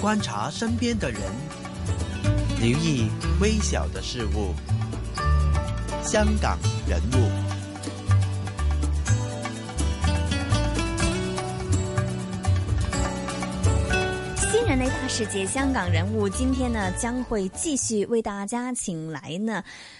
觀察身邊的人，留意微小的事物。香港人物，新人類大世界，香港人物，今天呢將會繼續為大家請來呢。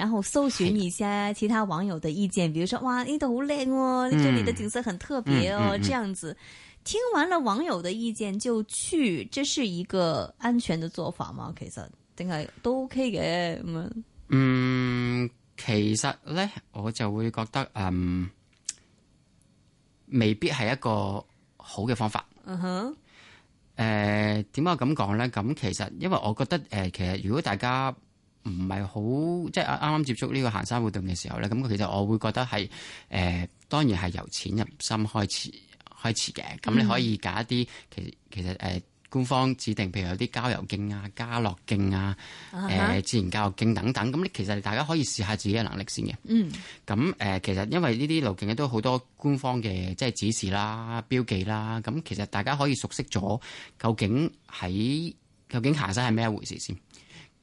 然後搜尋一下其他網友的意見，的比如說哇，呢度好靚哦，嗯、這裏的景色很特別哦，嗯嗯嗯、這樣子。聽完了網友的意見就去，這是一個安全的做法嗎？其實定係都 OK 嘅。嗯，其實呢，我就會覺得嗯，未必係一個好嘅方法。嗯哼。誒、呃，點解我咁講呢？咁其實因為我覺得誒、呃，其實如果大家。唔係好即係啱啱接觸呢個行山活動嘅時候咧，咁其實我會覺得係誒、呃，當然係由淺入深開始開始嘅。咁、嗯、你可以揀一啲其其實誒、呃、官方指定，譬如有啲郊遊徑啊、家樂徑啊、誒、uh huh. 自然教育徑等等。咁咧，其實大家可以試下自己嘅能力先嘅。嗯。咁誒、呃，其實因為呢啲路徑咧都好多官方嘅即係指示啦、標記啦。咁其實大家可以熟悉咗，究竟喺究，究竟行山係咩一回事先？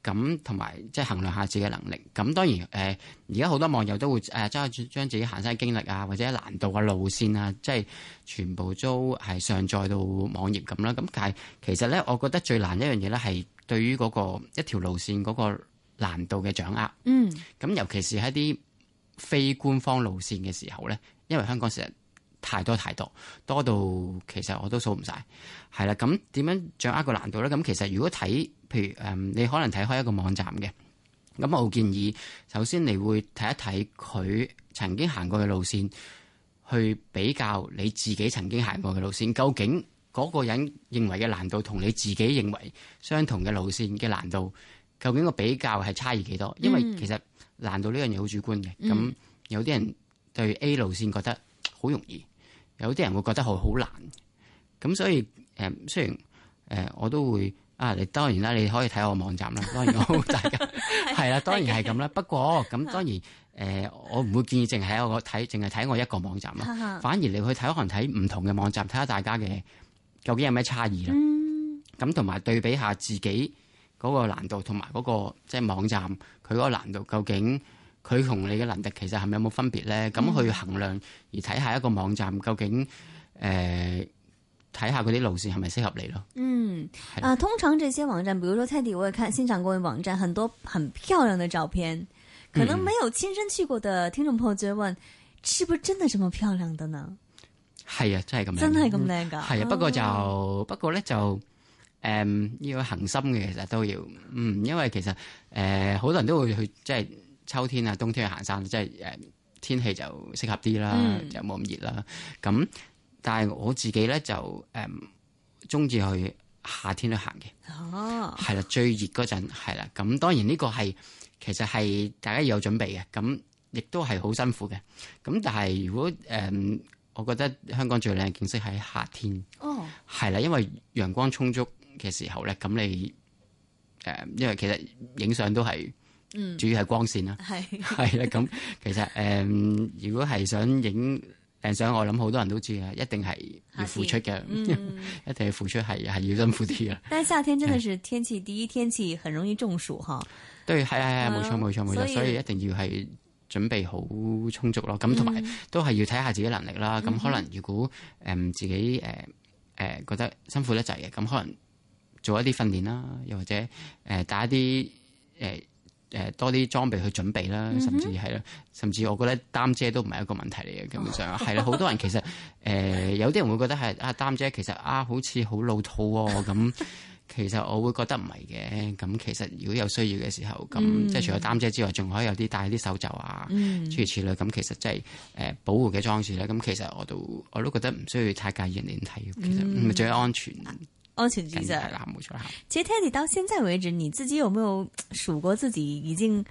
咁同埋即係衡量下自己嘅能力。咁當然誒，而家好多網友都會誒、呃、將將自己行山經歷啊，或者難度嘅、啊、路線啊，即、就、係、是、全部都係上載到網頁咁啦。咁但係其實咧，我覺得最難一樣嘢咧，係對於嗰個一條路線嗰個難度嘅掌握。嗯。咁尤其是喺啲非官方路線嘅時候咧，因為香港成日。太多太多，多到其實我都數唔晒係啦，咁點樣掌握個難度咧？咁其實如果睇，譬如誒、嗯、你可能睇開一個網站嘅咁，我建議首先你會睇一睇佢曾經行過嘅路線，去比較你自己曾經行過嘅路線，究竟嗰個人認為嘅難度同你自己認為相同嘅路線嘅難度，究竟個比較係差異幾多？因為其實難度呢樣嘢好主觀嘅，咁有啲人對 A 路線覺得。好容易，有啲人會覺得好好難，咁所以誒，雖然誒、呃，我都會啊，你當然啦，你可以睇我網站啦，當然我好大家，係啦， 當然係咁啦。不過咁當然誒、呃，我唔會建議淨係我睇，淨係睇我一個網站啦。 反而你去睇可能睇唔同嘅網站，睇下大家嘅究竟有咩差異啦。咁同埋對比下自己嗰個難度同埋嗰個即係、就是、網站佢嗰個難度究竟。佢同你嘅能力其實係咪有冇分別咧？咁、嗯、去衡量而睇下一個網站究竟誒睇、呃、下佢啲路線係咪適合你咯？嗯的啊，通常這些網站，比如說 Teddy，我也看欣賞過網站，很多很漂亮嘅照片。嗯、可能沒有親身去過的聽眾朋友就會問：是不是真的這麼漂亮的呢？係啊，真係咁樣，真係咁靚㗎。係啊、嗯哦，不過呢就不過咧就呢要恒心嘅，其實都要嗯，因為其實誒好、呃、多人都會去即係。秋天啊，冬天去行山，即係誒天氣就適合啲啦，就冇咁熱啦。咁但係我自己咧就誒中意去夏天去行嘅。哦，係啦，最熱嗰陣係啦。咁當然呢個係其實係大家要有準備嘅，咁亦都係好辛苦嘅。咁但係如果誒、嗯，我覺得香港最靚景色喺夏天。哦，係啦，因為陽光充足嘅時候咧，咁你誒、嗯、因為其實影相都係。嗯，主要係光線啦，係係啦。咁其實誒，如果係想影靚相，我諗好多人都知啊，一定係要付出嘅，一定要付出，係係要辛苦啲啊。但係夏天真係是天氣，第一天氣很容易中暑，嗬，對，係係係冇錯冇錯冇錯，所以一定要係準備好充足咯。咁同埋都係要睇下自己能力啦。咁可能如果誒自己誒誒覺得辛苦得滯嘅，咁可能做一啲訓練啦，又或者誒打一啲誒。誒多啲裝備去準備啦，甚至係啦，mm hmm. 甚至我覺得擔遮都唔係一個問題嚟嘅，基本上係啦。好、oh. 多人其實誒、呃、有啲人會覺得係啊擔遮其實啊好似好老套喎、哦、咁， 其實我會覺得唔係嘅。咁其實如果有需要嘅時候，咁、mm hmm. 即係除咗擔遮之外，仲可以有啲帶啲手袖啊，諸如此類,類。咁其實即係誒保護嘅裝置咧。咁其實我都我都覺得唔需要太介意人哋睇其實最安全。Mm hmm. 哦，請繼續。其實，Teddy 到現在為止，你自己有冇有數過自己已經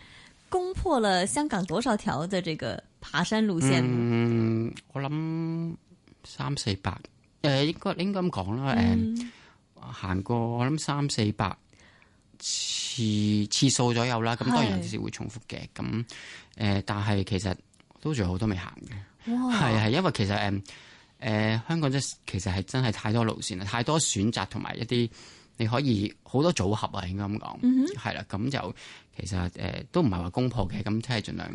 攻破了香港多少條嘅這個爬山路線？嗯，我諗三四百，誒、呃，應該應該咁講啦。誒、呃，嗯、行過我諗三四百次次數左右啦。咁當然有時會重複嘅。咁、呃、誒，但係其實都仲有好多未行嘅。係係哇，因為其實誒。呃誒、呃，香港即、就、係、是、其實係真係太多路線啦，太多選擇同埋一啲你可以好多組合啊，應該咁講，係啦、嗯哼，咁就其實誒、呃、都唔係話攻破嘅，咁即係盡量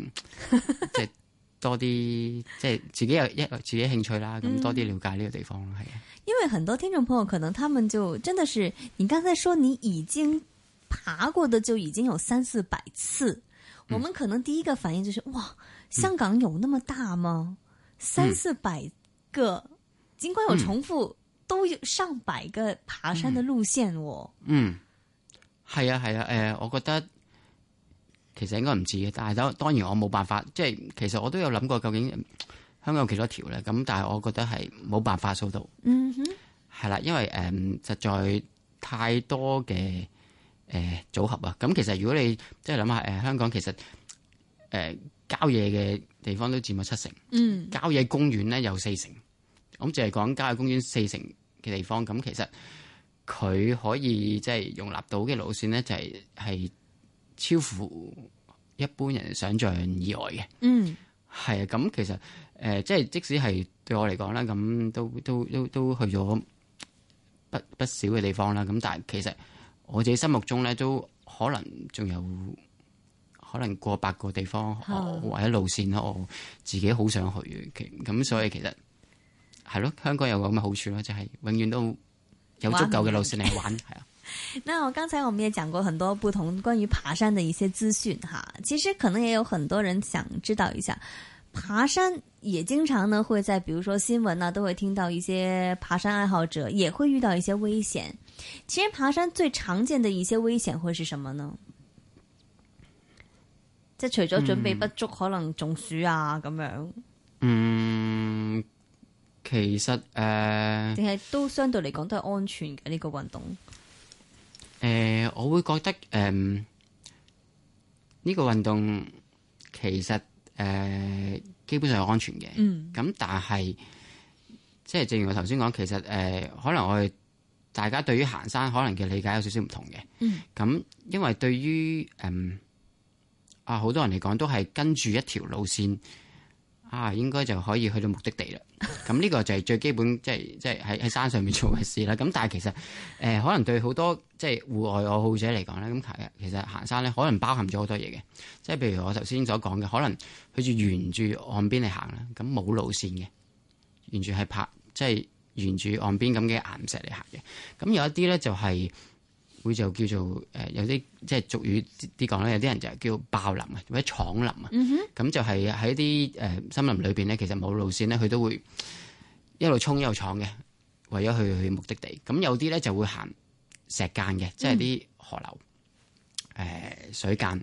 即係 多啲，即係自己有一自己，自己興趣啦，咁多啲了解呢個地方咯係。因為很多聽眾朋友可能他們就真的是，你剛才說你已經爬過的，就已經有三四百次，嗯、我們可能第一個反應就是，哇，香港有那麼大嗎？嗯、三四百？嗯個儘管有重複，嗯、都有上百個爬山的路線，哦。我嗯係啊係啊，誒、啊呃，我覺得其實應該唔止嘅，但係當然我冇辦法，即係其實我都有諗過究竟香港有幾多條咧？咁但係我覺得係冇辦法數到。嗯哼，係啦、啊，因為誒、嗯、實在太多嘅誒、呃、組合啊。咁其實如果你即係諗下，誒、呃、香港其實誒、呃、郊野嘅地方都佔咗七成，嗯，郊野公園咧有四成。咁就係講郊野公園四成嘅地方，咁其實佢可以即係容納到嘅路線咧，就係、是、係超乎一般人想像以外嘅。嗯，係啊，咁其實誒、呃，即係即使係對我嚟講啦，咁都都都都去咗不不少嘅地方啦。咁但係其實我自己心目中咧，都可能仲有可能過百個地方的或者路線咧，我自己好想去嘅。咁所以其實。係咯，香港有個咁嘅好處咯，就係、是、永遠都有足夠嘅路線嚟玩，係啊玩。 那我剛才我們也講過很多不同關於爬山的一些資訊哈，其實可能也有很多人想知道一下，爬山也經常呢會在，比如說新聞呢、啊、都會聽到一些爬山愛好者也會遇到一些危險。其實爬山最常見的一些危險會是什麼呢？即係除咗準備不足，嗯、可能中暑啊咁樣。嗯。其實誒，淨、呃、係都相對嚟講都係安全嘅呢、呢個運動。誒、呃，我會覺得誒、呢、呃呢個運動其實誒、呃，基本上係安全嘅。嗯。咁但係，即係正如我頭先講，其實誒、呃，可能我哋大家對於行山可能嘅理解有少少唔同嘅。嗯。咁因為對於誒、呃，啊好多人嚟講都係跟住一條路線。啊，應該就可以去到目的地啦。咁呢個就係最基本，即係即係喺喺山上面做嘅事啦。咁但係其實誒、呃，可能對好多即係戶外愛好者嚟講咧，咁係啊，其實行山咧，可能包含咗好多嘢嘅。即係譬如我頭先所講嘅，可能佢住沿住岸邊嚟行啦，咁冇路線嘅，沿住係拍即係、即係、沿住岸邊咁嘅岩石嚟行嘅。咁有一啲咧就係、係。會就叫做誒、呃、有啲即係俗語啲講咧，有啲人就係叫爆林啊，或者闖林啊，咁、嗯、哼就係喺啲誒森林裏邊咧，其實冇路線咧，佢都會一路衝一路闖嘅，為咗去去目的地。咁有啲咧就會行石澗嘅，嗯、即係啲河流、誒、呃、水澗、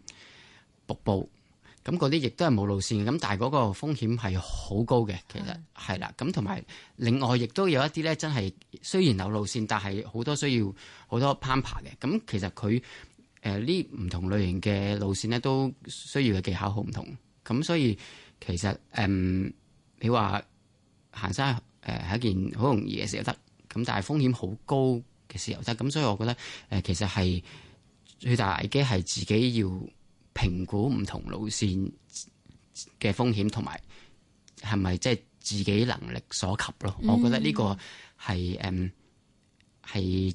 瀑布。咁嗰啲亦都係冇路線嘅，咁但係嗰個風險係好高嘅，其實係啦。咁同埋另外亦都有一啲咧，真係雖然有路線，但係好多需要好多攀爬嘅。咁其實佢誒呢唔同類型嘅路線咧，都需要嘅技巧好唔同。咁所以其實誒、呃，你話行山誒係一件好容易嘅事又得，咁但係風險好高嘅時候又得。咁所以我覺得誒、呃，其實係最大危機係自己要評估唔同路線嘅風險同埋係咪即係自己能力所及咯？嗯、我覺得呢個係誒係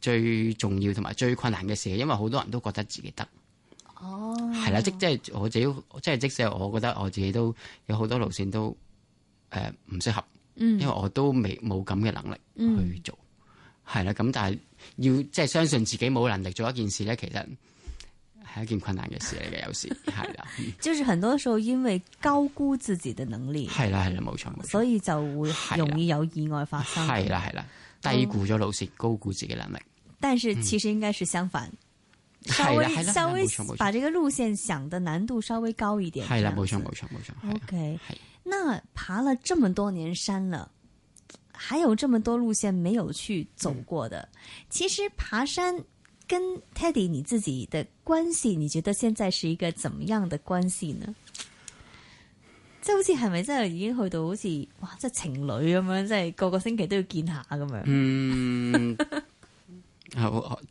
最重要同埋最困難嘅事，因為好多人都覺得自己得哦，係啦，即即係我自己，即、就、係、係、即使我覺得我自己都有好多路線都誒唔適合，嗯、因為我都未冇咁嘅能力去做，係啦、嗯，咁但係要即係、就係、相信自己冇能力做一件事咧，其實，係一件困難嘅事嚟嘅，有時係啦，就是很多時候因為高估自己嘅能力，係啦係啦冇錯，冇錯，所以就會容易有意外發生。係啦係啦，低估咗路線，嗯、高估自己能力，但是其實應該是相反，嗯、稍微稍微把這個路線想的難度稍微高一點，係啦冇錯冇錯冇錯。OK，冇錯，那爬了這麼多年山了，還有這麼多路線沒有去走過的，嗯、其實爬山。跟 Teddy 你自己的關係，你覺得現在是一個怎麼樣的關係呢？即係好似係咪真係已經去到好似哇，即係情侶咁樣，即係個個星期都要見下咁樣？嗯，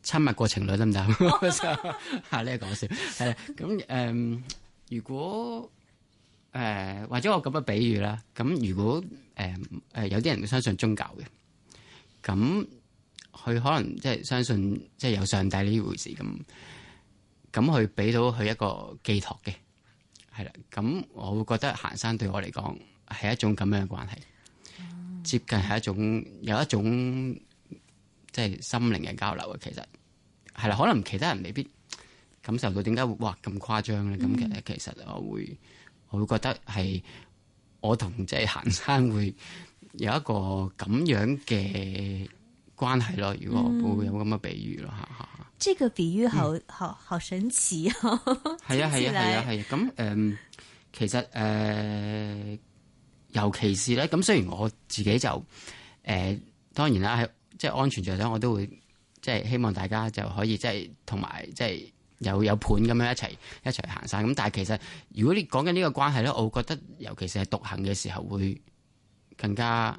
親密過情侶得唔得？呢個講笑，啊，係啦咁誒，如果誒或者我咁樣比喻啦，咁如果誒誒有啲人相信宗教嘅，咁。佢可能即係相信即係有上帝呢回事咁，咁去俾到佢一個寄託嘅，係啦。咁我會覺得行山對我嚟講係一種咁樣嘅關係，哦、接近係一種有一種即係心靈嘅交流啊，其實係啦，可能其他人未必感受到點解會哇咁誇張咧。咁其實、嗯、其實我會我會覺得係我同即係行山會有一個咁樣嘅。關係咯，如果我、嗯、會有咁嘅比喻咯嚇嚇。哈哈，即係個比喻好好、嗯、好神奇哦！係啊係啊係啊係啊！咁誒、啊啊啊呃，其實誒、呃，尤其是咧，咁、呃、雖然我自己就誒、呃，當然啦，係即係安全着想，我都會即係希望大家就可以即係同埋即係有有伴咁樣一齊一齊行山。咁但係其實如果你講緊呢個關係咧，我覺得尤其是係獨行嘅時候會更加。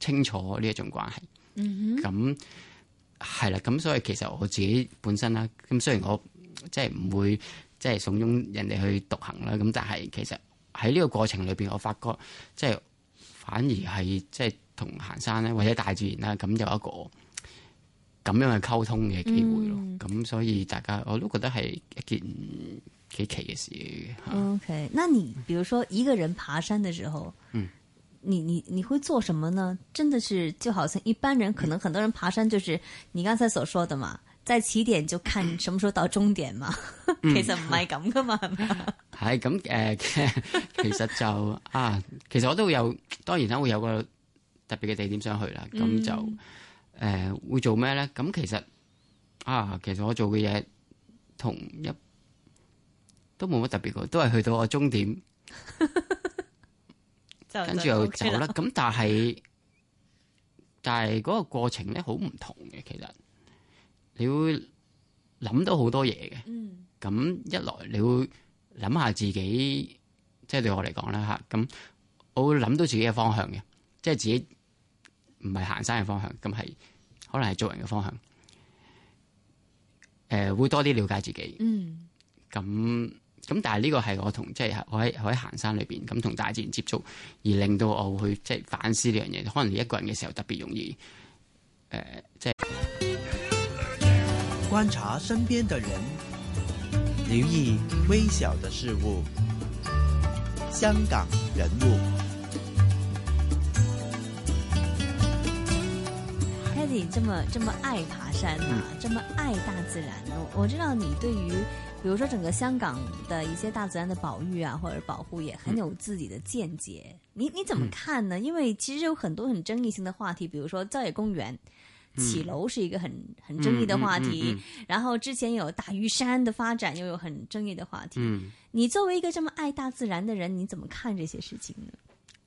清楚呢一種關係，咁係啦，咁所以其實我自己本身啦，咁雖然我即係唔會即係慫恿人哋去獨行啦，咁但係其實喺呢個過程裏邊，我發覺即係反而係即係同行山咧，或者大自然啦，咁有一個咁樣嘅溝通嘅機會咯。咁、嗯、所以大家我都覺得係一件幾奇嘅事。嗯啊、o、okay. K，那你比如說一個人爬山嘅時候，嗯。你你你會做什麼呢？真的是就好像一般人，嗯、可能很多人爬山，就是你剛才所說的嘛，在起點就看什麼時候到終點嘛。 其實唔係咁噶嘛，係咪咁？誒，其實就啊，其實我都有，當然啦，會有個特別嘅地點想去啦。咁就誒、呃、會做咩咧？咁其實啊，其實我做嘅嘢同一都冇乜特別過，都係去到我終點。 跟住又走啦，咁但係，但係嗰個過程咧好唔同嘅。其實你會諗到好多嘢嘅，嗯，咁一來你會諗下自己，即係對我嚟講啦吓，咁我會諗到自己嘅方向嘅，即係自己唔係行山嘅方向，咁係可能係做人嘅方向。誒，會多啲了解自己，嗯，咁。咁但係呢個係我同即係我喺我喺行山裏邊咁同大自然接觸，而令到我會即係、就是、反思呢樣嘢。可能你一個人嘅時候特別容易誒，即、呃、係、就是、觀察身邊嘅人，留意微小嘅事物。香港人物，Kathy，你咁麼咁麼愛爬山啊，咁、嗯、麼愛大自然、啊。我我知道你對於。比如說，整個香港的一些大自然的保育啊，或者保護也很有自己的見解。嗯、你你怎麼看呢？因為其實有很多很爭議性的話題，比如說郊野公園、嗯、起樓是一個很很爭議的話題，嗯嗯嗯嗯、然後之前有大嶼山的發展又有很爭議的話題、嗯。你作為一個這麼愛大自然的人，你怎麼看這些事情呢？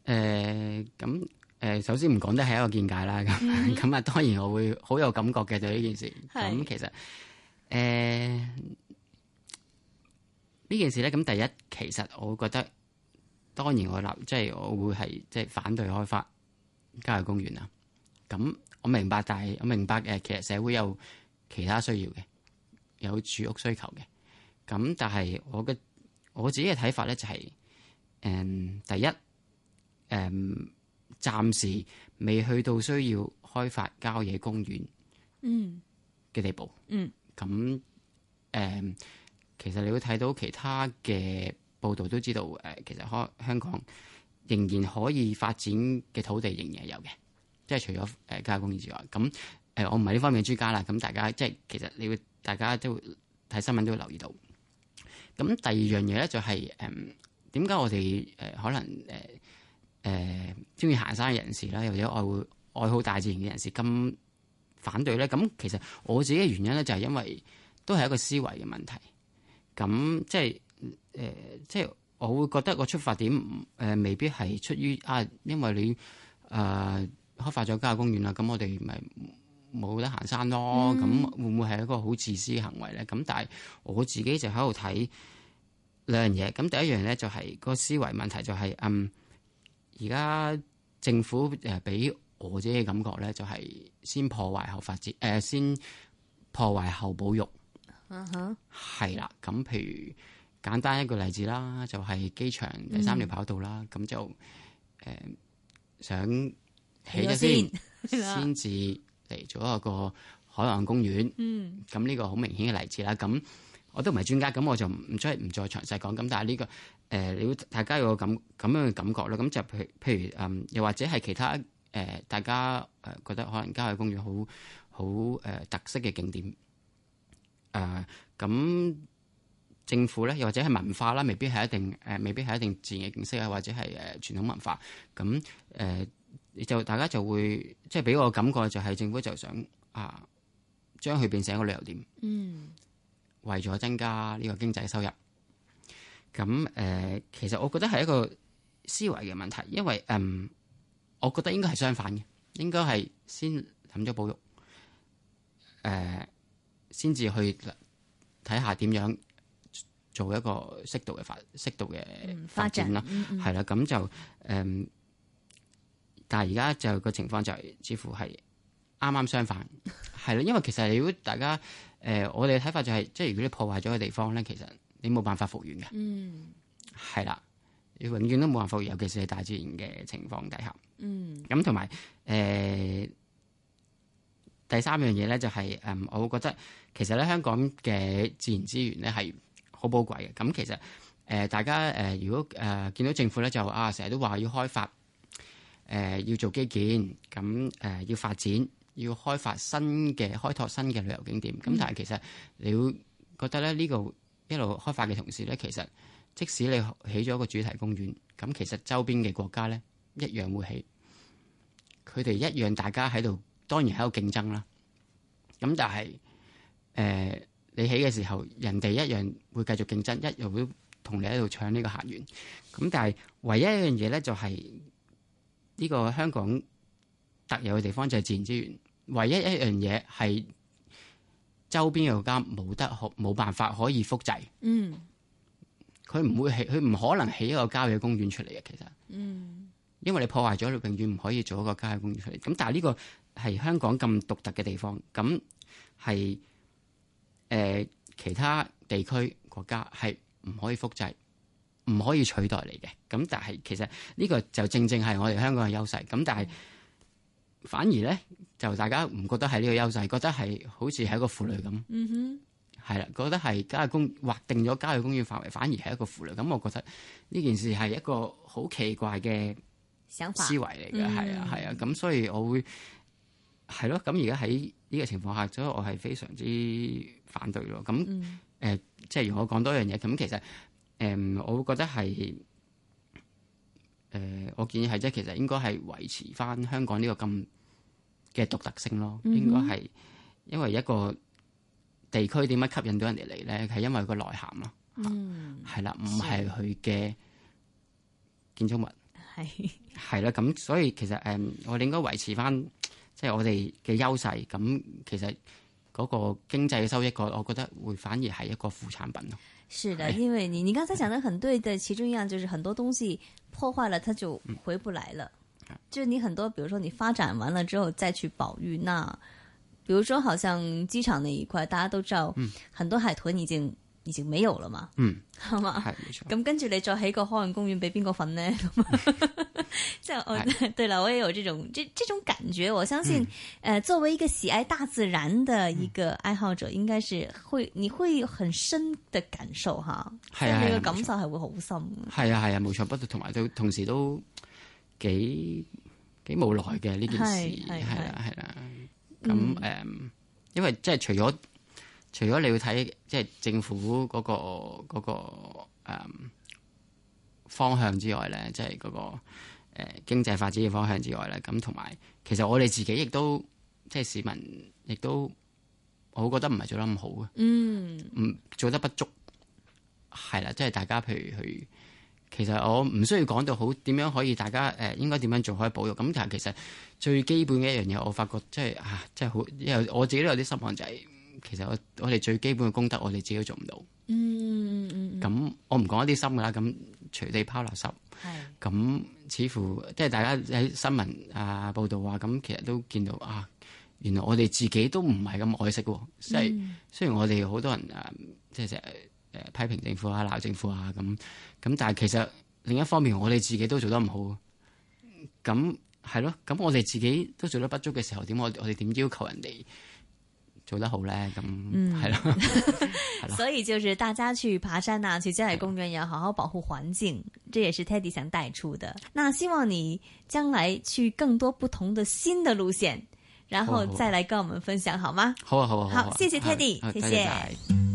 呃咁、呃、首先唔講得係一個見解啦。咁咁啊，當然我會好有感覺嘅對呢件事。咁其實誒。呃呢件事咧，咁第一，其實我覺得當然我立即係我會係即係反對開發郊野公園啦。咁、嗯、我明白，但係我明白嘅，其實社會有其他需要嘅，有住屋需求嘅。咁、嗯、但係我嘅我自己嘅睇法咧，就係、是、誒、嗯、第一誒，暫、嗯、時未去到需要開發郊野公園嗯嘅地步嗯。咁、嗯、誒。嗯嗯其實你會睇到其他嘅報道，都知道誒、呃。其實可香港仍然可以發展嘅土地仍然係有嘅，即係除咗誒、呃、加工業之外。咁誒、呃，我唔係呢方面嘅專家啦。咁大家即係其實你會，大家都會睇新聞都會留意到。咁第二樣嘢咧就係誒點解我哋誒、呃、可能誒誒中意行山嘅人士啦，或者愛愛好大自然嘅人士咁反對咧？咁其實我自己嘅原因咧就係、是、因為都係一個思維嘅問題。咁即係誒、呃、即係我會覺得個出發點誒、呃、未必係出於啊，因為你誒、呃、開發咗郊野公園啦，咁我哋咪冇得行山咯。咁、嗯、會唔會係一個好自私嘅行為咧？咁但係我自己就喺度睇兩樣嘢。咁第一樣咧就係、是、個思維問題就係、是、嗯，而家政府誒俾我自己嘅感覺咧，就係、是、先破壞後發展，誒、呃、先破壞後保育。啊哈，係啦、uh，咁、huh。譬如簡單一個例子啦，就係、是、機場第三條跑道啦，咁、嗯、就誒、呃、想起咗先，了先至嚟咗一個海洋公園，咁呢、嗯、個好明顯嘅例子啦。咁我都唔係專家，咁我就唔再唔再詳細講。咁但係、這、呢個誒，你、呃、大家有個咁咁樣嘅感覺啦。咁就譬譬如誒、呃，又或者係其他誒、呃，大家誒覺得海洋郊野公園好好誒特色嘅景點。誒咁、uh，政府咧又或者係文化啦，未必係一定誒、呃，未必係一定自然嘅景色啊，或者係誒、呃、傳統文化。咁誒、呃，就大家就會即係俾個感覺，就係政府就想啊，將佢變成一個旅遊點，嗯，為咗增加呢個經濟收入。咁誒、呃，其實我覺得係一個思維嘅問題，因為嗯、呃，我覺得應該係相反嘅，應該係先諗咗保育，誒、呃。先至去睇下點樣做一個適度嘅發適度嘅發展啦，係啦、嗯，咁、嗯嗯、就誒、嗯，但係而家就個情況就似乎係啱啱相反，係啦， 因為其實如果大家誒、呃、我哋嘅睇法就係、是，即係如果你破壞咗嘅地方咧，其實你冇辦法復原嘅，嗯，係啦，你永遠都冇辦法復原，尤其是係大自然嘅情況底下，嗯，咁同埋誒。呃第三樣嘢咧就係，嗯，我會覺得其實咧香港嘅自然資源咧係好寶貴嘅。咁其實誒、呃、大家誒、呃，如果誒、呃、見到政府咧就啊，成日都話要開發，誒、呃、要做基建，咁誒、呃、要發展，要開發新嘅開拓新嘅旅遊景點。咁、嗯、但係其實你會覺得咧呢、呢個一路開發嘅同時咧，其實即使你起咗一個主題公園，咁其實周邊嘅國家咧一樣會起，佢哋一樣大家喺度。當然喺度競爭啦，咁但係誒、呃、你起嘅時候，人哋一樣會繼續競爭，一樣會同你喺度搶呢個客源。咁但係唯一一樣嘢咧，就係呢個香港特有嘅地方就係自然資源。唯一一樣嘢係周邊國家冇得，冇辦法可以複製。嗯，佢唔會起，佢唔可能起一個郊野公園出嚟嘅。其實，嗯，因為你破壞咗，你永遠唔可以做一個郊野公園出嚟。咁但係呢個。係香港咁獨特嘅地方，咁係誒其他地區國家係唔可以複製、唔可以取代嚟嘅。咁但係其實呢個就正正係我哋香港嘅優勢。咁但係反而咧，就大家唔覺得係呢個優勢，覺得係好似係一個負累咁。嗯哼，係啦，覺得係郊公，劃定咗郊區公園範圍，反而係一個負累。咁我覺得呢件事係一個好奇怪嘅想法、思維嚟嘅。係啊，係啊，咁所以我會。係咯，咁而家喺呢個情況下，所以我係非常之反對咯。咁誒、嗯呃，即係如果講多樣嘢，咁其實誒、嗯，我會覺得係誒、呃，我建議係即係其實應該係維持翻香港呢個咁嘅獨特性咯。應該係因為一個地區點樣吸引到人哋嚟咧，係因為個內涵咯。係啦、嗯，唔係佢嘅建築物係係啦。咁的的所以其實誒、嗯，我哋應該維持翻。即係我哋嘅優勢，咁其實嗰個經濟收益，我我覺得會反而係一個副產品咯。是的，哎、呀因為你你剛才講得很對的，的其中一樣就是很多東西破壞了，它就回不來了。嗯、就你很多，比如說你發展完了之後再去保育，那，比如說好像機場那一塊，大家都知道，嗯，很多海豚已經。已經沒有啦嘛，係嘛，咁跟住你再喺個海洋公園俾邊個瞓呢？咁 了，即係我對啦，我也有呢種這這種感覺。我相信，誒、嗯，作為一個喜愛大自然嘅一個愛好者，應該是會你會有很深嘅感受哈。係係、嗯，你嘅感受係會好深。係啊係啊，冇錯，不都同埋都同時都幾幾無奈嘅呢件事係啊，係啊。咁誒，因為即係除咗。除咗你要睇，即係政府嗰個嗰個誒方向之外咧，即係嗰個誒經濟發展嘅方向之外咧，咁同埋其實我哋自己亦都即係市民亦都，我覺得唔係做得咁好嘅，嗯，唔做得不足係啦。即係大家譬如去，其實我唔需要講到好點樣可以，大家誒應該點樣做可以保育咁。但係其實最基本嘅一樣嘢，我發覺即係啊，即係好因為我自己都有啲失望就係。其實我我哋最基本嘅公德，我哋自己都做唔到嗯。嗯、咁、嗯、我唔講一啲深㗎喇。咁隨地拋垃圾，係咁是似乎即係大家喺新聞啊報道啊，咁其實都見到啊，原來我哋自己都唔係咁愛惜。即係、嗯、雖然我哋好多人啊，即係誒批評政府啊、鬧政府啊咁咁，但係其實另一方面，我哋自己都做得唔好。咁係咯，咁我哋自己都做得不足嘅時候，點我我哋點要求人哋？做得好呢。咁嗯，係咯了， 所以就是大家去爬山啊，去郊野公園要好好保護環境，這也是 Teddy 想帶出的。那希望你將來去更多不同的新的路線，然後再來跟我們分享，好嗎？好啊，好啊，好，好，好啊。好啊，謝謝 Teddy，謝謝。謝謝。